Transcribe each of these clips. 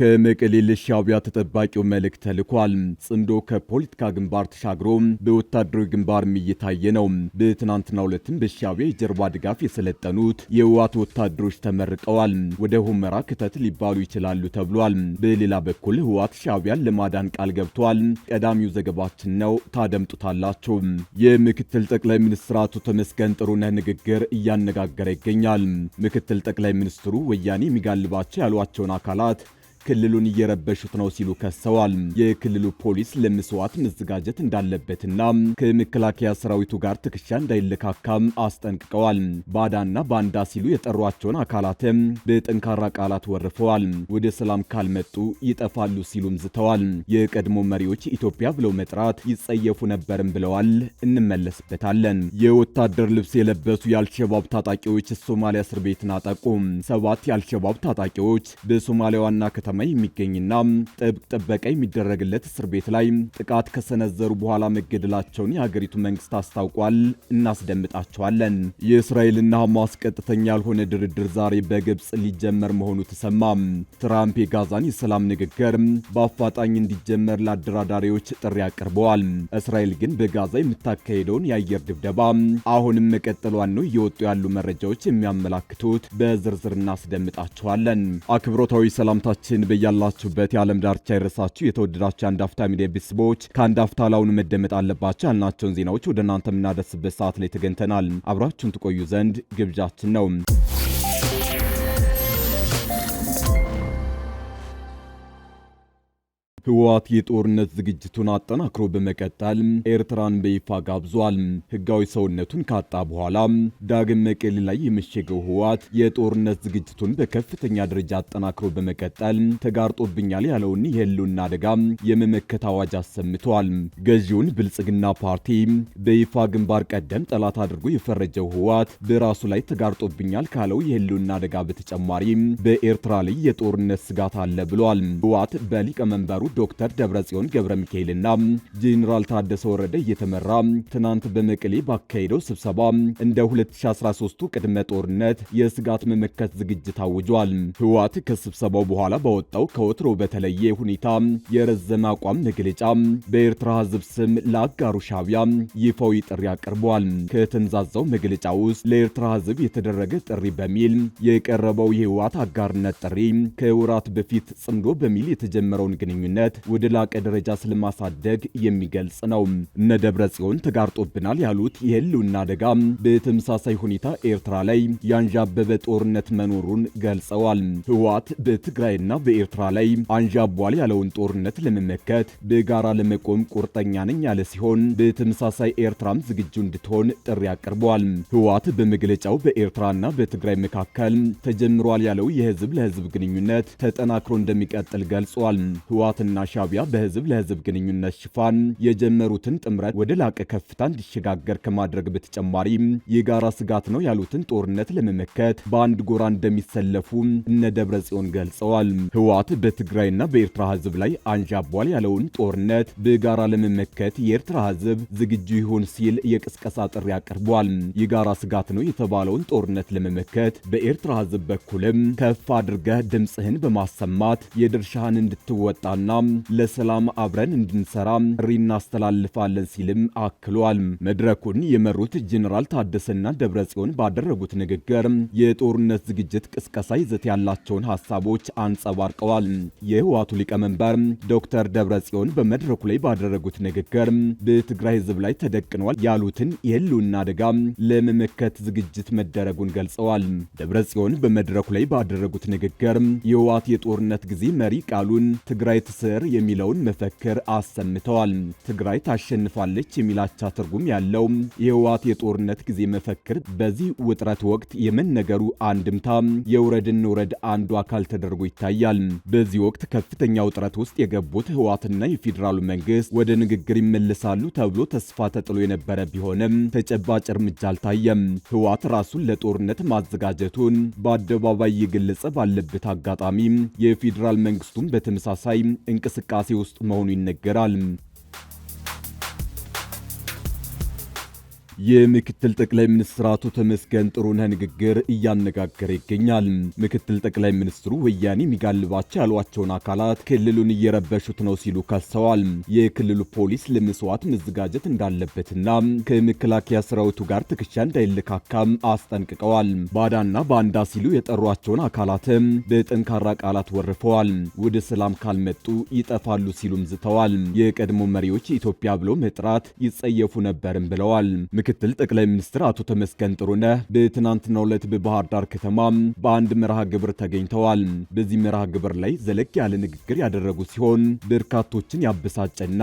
ከመቀሌ ሻቢያ ተጠባቂው መልእክት ተልኳል። ጽምዶ ከፖለቲካ ግንባር ተሻግሮ በወታደራዊ ግንባርም እየታየ ነው። በትናንትናው ዕለትም በሻቢያ የጀርባ ድጋፍ የሰለጠኑት የህወሓት ወታደሮች ተመርቀዋል። ወደ ሁመራ ክተት ሊባሉ ይችላሉ ተብሏል። በሌላ በኩል ህወሓት ሻቢያን ለማዳን ቃል ገብቷል። ቀዳሚው ዘገባችን ነው፣ ታደምጡታላችሁ። የምክትል ጠቅላይ ሚኒስትር አቶ ተመስገን ጥሩነህ ንግግር እያነጋገረ ይገኛል። ምክትል ጠቅላይ ሚኒስትሩ ወያኔ የሚጋልባቸው ያሏቸውን አካላት ክልሉን እየረበሹት ነው ሲሉ ከሰዋል። የክልሉ ፖሊስ ለመስዋዕት መዘጋጀት እንዳለበትና ከመከላከያ ሰራዊቱ ጋር ትከሻ እንዳይለካካም አስጠንቅቀዋል። ባዳና ባንዳ ሲሉ የጠሯቸውን አካላትም በጠንካራ ቃላት ወርፈዋል። ወደ ሰላም ካልመጡ ይጠፋሉ ሲሉም ዝተዋል። የቀድሞ መሪዎች ኢትዮጵያ ብለው መጥራት ይጸየፉ ነበርም ብለዋል። እንመለስበታለን። የወታደር ልብስ የለበሱ የአልሸባብ ታጣቂዎች የሶማሊያ እስር ቤትን አጠቁ። ሰባት የአልሸባብ ታጣቂዎች በሶማሊያ ዋና ከተማ ከተማ የሚገኝና ጥብቅ ጥበቃ የሚደረግለት እስር ቤት ላይ ጥቃት ከሰነዘሩ በኋላ መገደላቸውን የሀገሪቱ መንግስት አስታውቋል። እናስደምጣቸዋለን። የእስራኤልና ሐማስ ቀጥተኛ ያልሆነ ድርድር ዛሬ በግብፅ ሊጀመር መሆኑ ተሰማ። ትራምፕ የጋዛን የሰላም ንግግር በአፋጣኝ እንዲጀመር ለአደራዳሪዎች ጥሪ አቅርበዋል። እስራኤል ግን በጋዛ የምታካሄደውን የአየር ድብደባ አሁንም መቀጠሏን ነው እየወጡ ያሉ መረጃዎች የሚያመላክቱት። በዝርዝር እናስደምጣቸዋለን። አክብሮታዊ ሰላምታችን ዜናችንን በያላችሁበት የዓለም ዳርቻ የረሳችሁ የተወደዳችሁ የአንድ አፍታ ሚዲያ ቤተሰቦች ከአንድ አፍታ መደመጥ አለባቸው ያልናቸውን ዜናዎች ወደ እናንተ የምናደርስበት ሰዓት ላይ ተገኝተናል። አብራችሁን ትቆዩ ዘንድ ግብዣችን ነው። ህወሓት የጦርነት ዝግጅቱን አጠናክሮ በመቀጠል ኤርትራን በይፋ ጋብዟል። ህጋዊ ሰውነቱን ካጣ በኋላ ዳግም መቀሌ ላይ የመሸገው ህወሓት የጦርነት ዝግጅቱን በከፍተኛ ደረጃ አጠናክሮ በመቀጠል ተጋርጦብኛል ያለውን የህልውና አደጋ የመመከት አዋጅ አሰምቷል። ገዢውን ብልጽግና ፓርቲ በይፋ ግንባር ቀደም ጠላት አድርጎ የፈረጀው ህወሓት በራሱ ላይ ተጋርጦብኛል ካለው የህልውና አደጋ በተጨማሪ በኤርትራ ላይ የጦርነት ስጋት አለ ብሏል። ህወሓት በሊቀመንበሩ ዶክተር ደብረጽዮን ገብረ ሚካኤልና ጄኔራል ታደሰ ወረደ እየተመራ ትናንት በመቀሌ ባካሄደው ስብሰባ እንደ 2013ቱ ቅድመ ጦርነት የስጋት መመከት ዝግጅት አውጇል። ህወሓት ከስብሰባው በኋላ ባወጣው ከወትሮ በተለየ ሁኔታ የረዘመ አቋም መግለጫ በኤርትራ ህዝብ ስም ለአጋሩ ሻቢያ ይፋዊ ጥሪ አቅርቧል። ከተንዛዛው መግለጫ ውስጥ ለኤርትራ ህዝብ የተደረገ ጥሪ በሚል የቀረበው የህወሓት አጋርነት ጥሪ ከወራት በፊት ጽምዶ በሚል የተጀመረውን ግንኙነት ግንኙነት ወደ ላቀ ደረጃ ስለማሳደግ የሚገልጽ ነው። እነ ደብረ ጽዮን ተጋርጦብናል ያሉት የህልውና አደጋ በተመሳሳይ ሁኔታ ኤርትራ ላይ ያንዣበበ ጦርነት መኖሩን ገልጸዋል። ህወሓት በትግራይና በኤርትራ ላይ አንዣቧል ያለውን ጦርነት ለመመከት በጋራ ለመቆም ቁርጠኛ ነኝ ያለ ሲሆን በተመሳሳይ ኤርትራም ዝግጁ እንድትሆን ጥሪ አቅርበዋል። ህወሓት በመግለጫው በኤርትራና በትግራይ መካከል ተጀምሯል ያለው የህዝብ ለህዝብ ግንኙነት ተጠናክሮ እንደሚቀጥል ገልጿል። ህወሓትና ህወሓትና ሻቢያ በህዝብ ለህዝብ ግንኙነት ሽፋን የጀመሩትን ጥምረት ወደ ላቀ ከፍታ እንዲሸጋገር ከማድረግ በተጨማሪ የጋራ ስጋት ነው ያሉትን ጦርነት ለመመከት በአንድ ጎራ እንደሚሰለፉ እነ ደብረ ጽዮን ገልጸዋል። ህወሓት በትግራይና በኤርትራ ህዝብ ላይ አንዣቧል ያለውን ጦርነት በጋራ ለመመከት የኤርትራ ህዝብ ዝግጁ ይሁን ሲል የቅስቀሳ ጥሪ አቅርቧል። የጋራ ስጋት ነው የተባለውን ጦርነት ለመመከት በኤርትራ ህዝብ በኩልም ከፍ አድርገህ ድምፅህን በማሰማት የድርሻህን እንድትወጣና ለሰላም አብረን እንድንሰራ ጥሪ እናስተላልፋለን ሲልም አክሏል። መድረኩን የመሩት ጄኔራል ታደሰና ደብረጽዮን ባደረጉት ንግግር የጦርነት ዝግጅት ቅስቀሳ ይዘት ያላቸውን ሀሳቦች አንጸባርቀዋል። የህወሓቱ ሊቀመንበር ዶክተር ደብረጽዮን በመድረኩ ላይ ባደረጉት ንግግር በትግራይ ህዝብ ላይ ተደቅኗል ያሉትን የህልውና አደጋ ለመመከት ዝግጅት መደረጉን ገልጸዋል። ደብረጽዮን በመድረኩ ላይ ባደረጉት ንግግር የህወሓት የጦርነት ጊዜ መሪ ቃሉን ትግራይ ትስ ስር የሚለውን መፈክር አሰምተዋል። ትግራይ ታሸንፋለች የሚላቻ ትርጉም ያለው የህወሓት የጦርነት ጊዜ መፈክር በዚህ ውጥረት ወቅት የመነገሩ አንድምታ የውረድን ውረድ አንዱ አካል ተደርጎ ይታያል። በዚህ ወቅት ከፍተኛ ውጥረት ውስጥ የገቡት ህወሓትና የፌዴራሉ መንግስት ወደ ንግግር ይመለሳሉ ተብሎ ተስፋ ተጥሎ የነበረ ቢሆንም ተጨባጭ እርምጃ አልታየም። ህወሓት ራሱን ለጦርነት ማዘጋጀቱን በአደባባይ እየገለጸ ባለበት አጋጣሚ የፌዴራል መንግስቱም በተመሳሳይ እንቅስቃሴ ውስጥ መሆኑ ይነገራል። የምክትል ጠቅላይ ሚኒስትር አቶ ተመስገን ጥሩነህ ንግግር እያነጋገረ ይገኛል። ምክትል ጠቅላይ ሚኒስትሩ ወያኔ የሚጋልባቸው ያሏቸውን አካላት ክልሉን እየረበሹት ነው ሲሉ ከሰዋል። የክልሉ ፖሊስ ለመስዋዕት መዘጋጀት እንዳለበትና ከመከላከያ ሰራዊቱ ጋር ትከሻ እንዳይለካካም አስጠንቅቀዋል። ባዳና ባንዳ ሲሉ የጠሯቸውን አካላትም በጠንካራ ቃላት ወርፈዋል። ወደ ሰላም ካልመጡ ይጠፋሉ ሲሉም ዝተዋል። የቀድሞ መሪዎች ኢትዮጵያ ብሎ መጥራት ይጸየፉ ነበርም ብለዋል። ምክትል ጠቅላይ ሚኒስትር አቶ ተመስገን ጥሩነህ በትናንትናው ዕለት በባህር ዳር ከተማ በአንድ መርሃ ግብር ተገኝተዋል። በዚህ መርሃ ግብር ላይ ዘለቅ ያለ ንግግር ያደረጉ ሲሆን በርካቶችን ያበሳጨና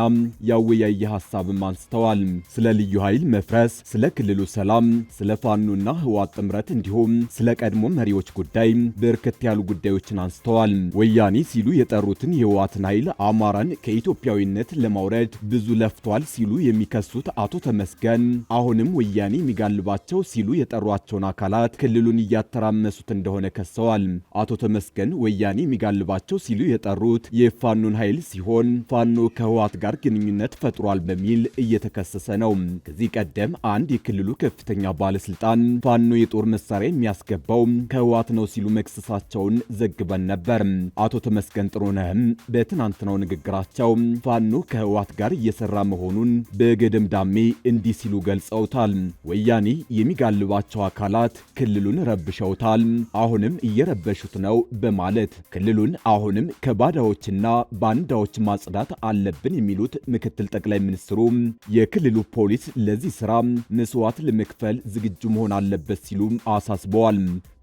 ያወያየ ሀሳብም አንስተዋል። ስለ ልዩ ኃይል መፍረስ፣ ስለ ክልሉ ሰላም፣ ስለ ፋኖና ህዋት ጥምረት እንዲሁም ስለ ቀድሞ መሪዎች ጉዳይ በርከት ያሉ ጉዳዮችን አንስተዋል። ወያኔ ሲሉ የጠሩትን የህዋትን ኃይል አማራን ከኢትዮጵያዊነት ለማውረድ ብዙ ለፍቷል ሲሉ የሚከሱት አቶ ተመስገን አሁን አሁንም ወያኔ የሚጋልባቸው ሲሉ የጠሯቸውን አካላት ክልሉን እያተራመሱት እንደሆነ ከሰዋል። አቶ ተመስገን ወያኔ የሚጋልባቸው ሲሉ የጠሩት የፋኖን ኃይል ሲሆን ፋኖ ከህወሓት ጋር ግንኙነት ፈጥሯል በሚል እየተከሰሰ ነው። ከዚህ ቀደም አንድ የክልሉ ከፍተኛ ባለስልጣን ፋኖ የጦር መሳሪያ የሚያስገባው ከህወሓት ነው ሲሉ መክሰሳቸውን ዘግበን ነበር። አቶ ተመስገን ጥሩነህም በትናንትናው ንግግራቸው ፋኖ ከህወሓት ጋር እየሰራ መሆኑን በገደምዳሜ እንዲህ ሲሉ ገልጸው። አውቀውታል። ወያኔ የሚጋልባቸው አካላት ክልሉን ረብሸውታል፣ አሁንም እየረበሹት ነው በማለት ክልሉን አሁንም ከባዳዎችና ባንዳዎች ማጽዳት አለብን የሚሉት ምክትል ጠቅላይ ሚኒስትሩ የክልሉ ፖሊስ ለዚህ ስራ መስዋዕት ለመክፈል ዝግጁ መሆን አለበት ሲሉ አሳስበዋል።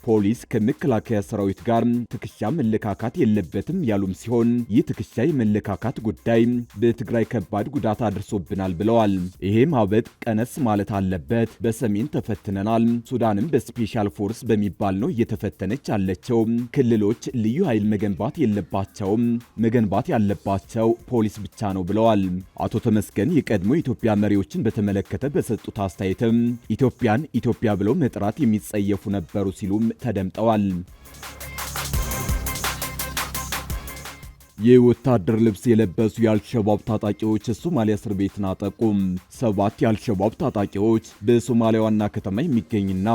ፖሊስ ከመከላከያ ሰራዊት ጋር ትከሻ መለካካት የለበትም ያሉም ሲሆን ይህ ትከሻ የመለካካት ጉዳይ በትግራይ ከባድ ጉዳት አድርሶብናል ብለዋል። ይሄ ማበጥ ቀነስ ማለት አለበት። በሰሜን ተፈትነናል። ሱዳንም በስፔሻል ፎርስ በሚባል ነው እየተፈተነች ያለችው ክልሎች ልዩ ኃይል መገንባት የለባቸውም። መገንባት ያለባቸው ፖሊስ ብቻ ነው ብለዋል። አቶ ተመስገን የቀድሞ ኢትዮጵያ መሪዎችን በተመለከተ በሰጡት አስተያየትም ኢትዮጵያን ኢትዮጵያ ብለው መጥራት የሚጸየፉ ነበሩ ሲሉም ተደምጠዋል። የወታደር ልብስ የለበሱ የአልሸባብ ታጣቂዎች የሶማሊያ እስር ቤትን አጠቁ። ሰባት የአልሸባብ ታጣቂዎች በሶማሊያ ዋና ከተማ የሚገኝና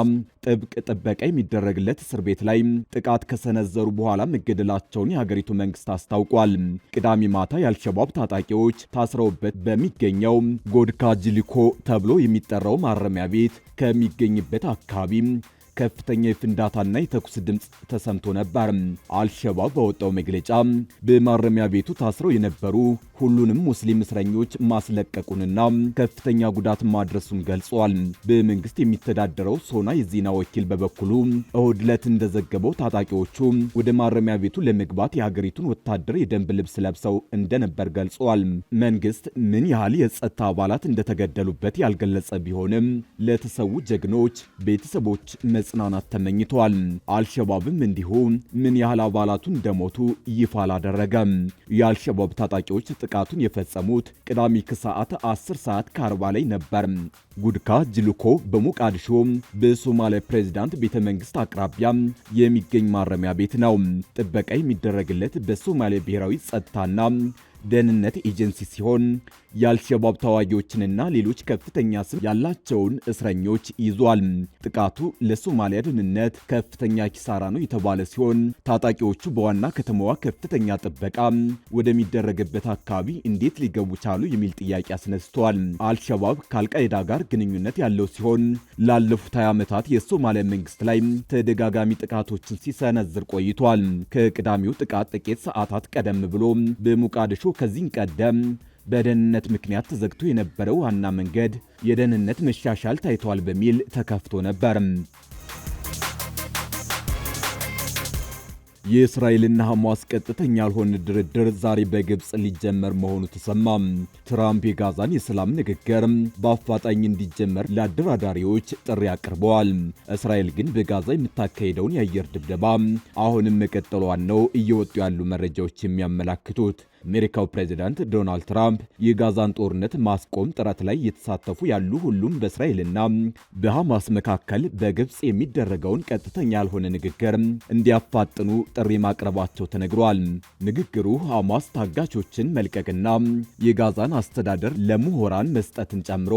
ጥብቅ ጥበቃ የሚደረግለት እስር ቤት ላይ ጥቃት ከሰነዘሩ በኋላ መገደላቸውን የሀገሪቱ መንግስት አስታውቋል። ቅዳሜ ማታ የአልሸባብ ታጣቂዎች ታስረውበት በሚገኘው ጎድካ ጅሊኮ ተብሎ የሚጠራው ማረሚያ ቤት ከሚገኝበት አካባቢ ከፍተኛ የፍንዳታና የተኩስ ድምፅ ተሰምቶ ነበር። አልሸባብ በወጣው መግለጫ በማረሚያ ቤቱ ታስረው የነበሩ ሁሉንም ሙስሊም እስረኞች ማስለቀቁንና ከፍተኛ ጉዳት ማድረሱን ገልጿል። በመንግስት የሚተዳደረው ሶና የዜና ወኪል በበኩሉ እሁድ ዕለት እንደዘገበው ታጣቂዎቹ ወደ ማረሚያ ቤቱ ለመግባት የሀገሪቱን ወታደር የደንብ ልብስ ለብሰው እንደነበር ገልጿል። መንግስት ምን ያህል የጸጥታ አባላት እንደተገደሉበት ያልገለጸ ቢሆንም ለተሰዉ ጀግኖች ቤተሰቦች መጽ መጽናናት ተመኝቷል። አልሸባብም እንዲሁ ምን ያህል አባላቱ እንደሞቱ ይፋ አላደረገም። የአልሸባብ ታጣቂዎች ጥቃቱን የፈጸሙት ቅዳሜ ከሰዓት 10 ሰዓት ከአርባ ላይ ነበር። ጉድካ ጅልኮ በሞቃዲሾ በሶማሊያ ፕሬዚዳንት ቤተ መንግስት አቅራቢያ የሚገኝ ማረሚያ ቤት ነው። ጥበቃ የሚደረግለት በሶማሊያ ብሔራዊ ጸጥታና ደህንነት ኤጀንሲ ሲሆን የአልሸባብ ተዋጊዎችንና ሌሎች ከፍተኛ ስም ያላቸውን እስረኞች ይዟል። ጥቃቱ ለሶማሊያ ደህንነት ከፍተኛ ኪሳራ ነው የተባለ ሲሆን ታጣቂዎቹ በዋና ከተማዋ ከፍተኛ ጥበቃ ወደሚደረግበት አካባቢ እንዴት ሊገቡ ቻሉ የሚል ጥያቄ አስነስተዋል። አልሸባብ ከአልቃይዳ ጋር ግንኙነት ያለው ሲሆን ላለፉት 20 ዓመታት የሶማሊያ መንግስት ላይ ተደጋጋሚ ጥቃቶችን ሲሰነዝር ቆይቷል። ከቅዳሜው ጥቃት ጥቂት ሰዓታት ቀደም ብሎ በሞቃዲሾ ከዚህን ቀደም በደህንነት ምክንያት ተዘግቶ የነበረው ዋና መንገድ የደህንነት መሻሻል ታይቷል በሚል ተከፍቶ ነበር። የእስራኤልና ሐማስ ቀጥተኛ ያልሆነ ድርድር ዛሬ በግብፅ ሊጀመር መሆኑ ተሰማ። ትራምፕ የጋዛን የሰላም ንግግር በአፋጣኝ እንዲጀመር ለአደራዳሪዎች ጥሪ አቅርበዋል። እስራኤል ግን በጋዛ የምታካሄደውን የአየር ድብደባ አሁንም መቀጠሏን ነው እየወጡ ያሉ መረጃዎች የሚያመላክቱት። አሜሪካው ፕሬዚዳንት ዶናልድ ትራምፕ የጋዛን ጦርነት ማስቆም ጥረት ላይ የተሳተፉ ያሉ ሁሉም በእስራኤልና በሐማስ መካከል በግብፅ የሚደረገውን ቀጥተኛ ያልሆነ ንግግር እንዲያፋጥኑ ጥሪ ማቅረባቸው ተነግሯል። ንግግሩ ሐማስ ታጋቾችን መልቀቅና የጋዛን አስተዳደር ለምሁራን መስጠትን ጨምሮ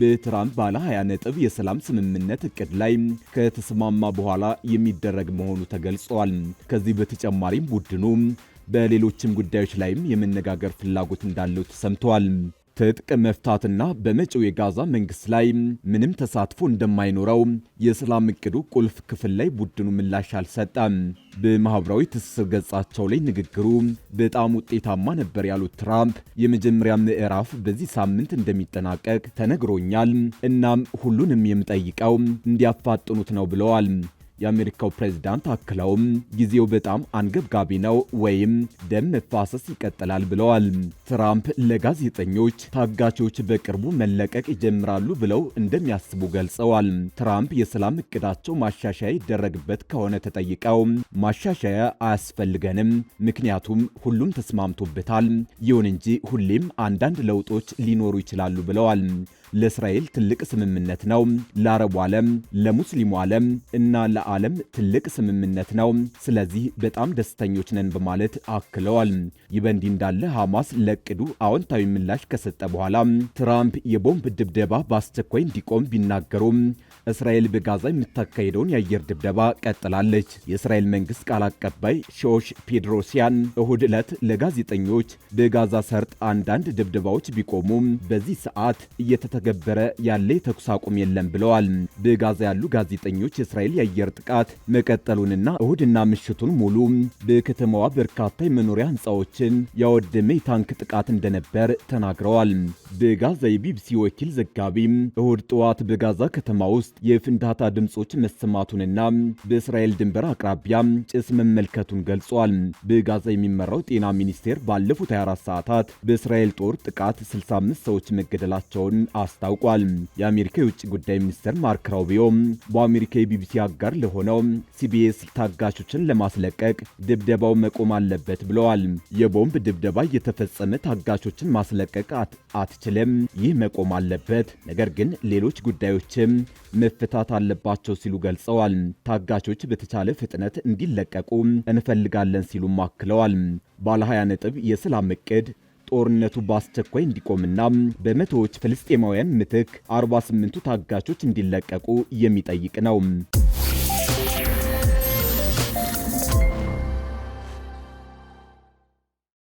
በትራምፕ ባለ 20 ነጥብ የሰላም ስምምነት እቅድ ላይ ከተስማማ በኋላ የሚደረግ መሆኑ ተገልጿል። ከዚህ በተጨማሪም ቡድኑ በሌሎችም ጉዳዮች ላይም የመነጋገር ፍላጎት እንዳለው ተሰምተዋል። ትጥቅ መፍታትና በመጪው የጋዛ መንግስት ላይ ምንም ተሳትፎ እንደማይኖረው የሰላም እቅዱ ቁልፍ ክፍል ላይ ቡድኑ ምላሽ አልሰጠም። በማህበራዊ ትስስር ገጻቸው ላይ ንግግሩ በጣም ውጤታማ ነበር ያሉት ትራምፕ የመጀመሪያ ምዕራፍ በዚህ ሳምንት እንደሚጠናቀቅ ተነግሮኛል፣ እናም ሁሉንም የምጠይቀው እንዲያፋጥኑት ነው ብለዋል። የአሜሪካው ፕሬዝዳንት አክለውም ጊዜው በጣም አንገብጋቢ ነው ወይም ደም መፋሰስ ይቀጥላል ብለዋል። ትራምፕ ለጋዜጠኞች ታጋቾች በቅርቡ መለቀቅ ይጀምራሉ ብለው እንደሚያስቡ ገልጸዋል። ትራምፕ የሰላም እቅዳቸው ማሻሻያ ይደረግበት ከሆነ ተጠይቀው ማሻሻያ አያስፈልገንም፣ ምክንያቱም ሁሉም ተስማምቶበታል። ይሁን እንጂ ሁሌም አንዳንድ ለውጦች ሊኖሩ ይችላሉ ብለዋል። ለእስራኤል ትልቅ ስምምነት ነው። ለአረቡ ዓለም፣ ለሙስሊሙ ዓለም እና ለዓለም ትልቅ ስምምነት ነው። ስለዚህ በጣም ደስተኞች ነን በማለት አክለዋል። ይህ በእንዲህ እንዳለ ሐማስ ለቅዱ አዎንታዊ ምላሽ ከሰጠ በኋላ ትራምፕ የቦምብ ድብደባ በአስቸኳይ እንዲቆም ቢናገሩም እስራኤል በጋዛ የምታካሄደውን የአየር ድብደባ ቀጥላለች። የእስራኤል መንግስት ቃል አቀባይ ሾሽ ፔድሮሲያን እሁድ ዕለት ለጋዜጠኞች በጋዛ ሰርጥ አንዳንድ ድብደባዎች ቢቆሙም በዚህ ሰዓት እየተተገበረ ያለ የተኩስ አቁም የለም ብለዋል። በጋዛ ያሉ ጋዜጠኞች የእስራኤል የአየር ጥቃት መቀጠሉንና እሁድና ምሽቱን ሙሉ በከተማዋ በርካታ የመኖሪያ ህንፃዎችን ያወደመ የታንክ ጥቃት እንደነበር ተናግረዋል። በጋዛ የቢቢሲ ወኪል ዘጋቢም እሁድ ጠዋት በጋዛ ከተማ ውስጥ ውስጥ የፍንዳታ ድምጾች መሰማቱንና በእስራኤል ድንበር አቅራቢያ ጭስ መመልከቱን ገልጿል። በጋዛ የሚመራው ጤና ሚኒስቴር ባለፉት 24 ሰዓታት በእስራኤል ጦር ጥቃት 65 ሰዎች መገደላቸውን አስታውቋል። የአሜሪካ የውጭ ጉዳይ ሚኒስትር ማርክ ራውቢዮ በአሜሪካ የቢቢሲ አጋር ለሆነው ሲቢኤስ ታጋሾችን ለማስለቀቅ ድብደባው መቆም አለበት ብለዋል። የቦምብ ድብደባ እየተፈጸመ ታጋሾችን ማስለቀቅ አትችልም፣ ይህ መቆም አለበት። ነገር ግን ሌሎች ጉዳዮችም መፈታት አለባቸው ሲሉ ገልጸዋል። ታጋቾች በተቻለ ፍጥነት እንዲለቀቁ እንፈልጋለን ሲሉም አክለዋል። ባለ 20 ነጥብ የሰላም እቅድ ጦርነቱ በአስቸኳይ እንዲቆምና በመቶዎች ፍልስጤማውያን ምትክ 48ቱ ታጋቾች እንዲለቀቁ የሚጠይቅ ነው።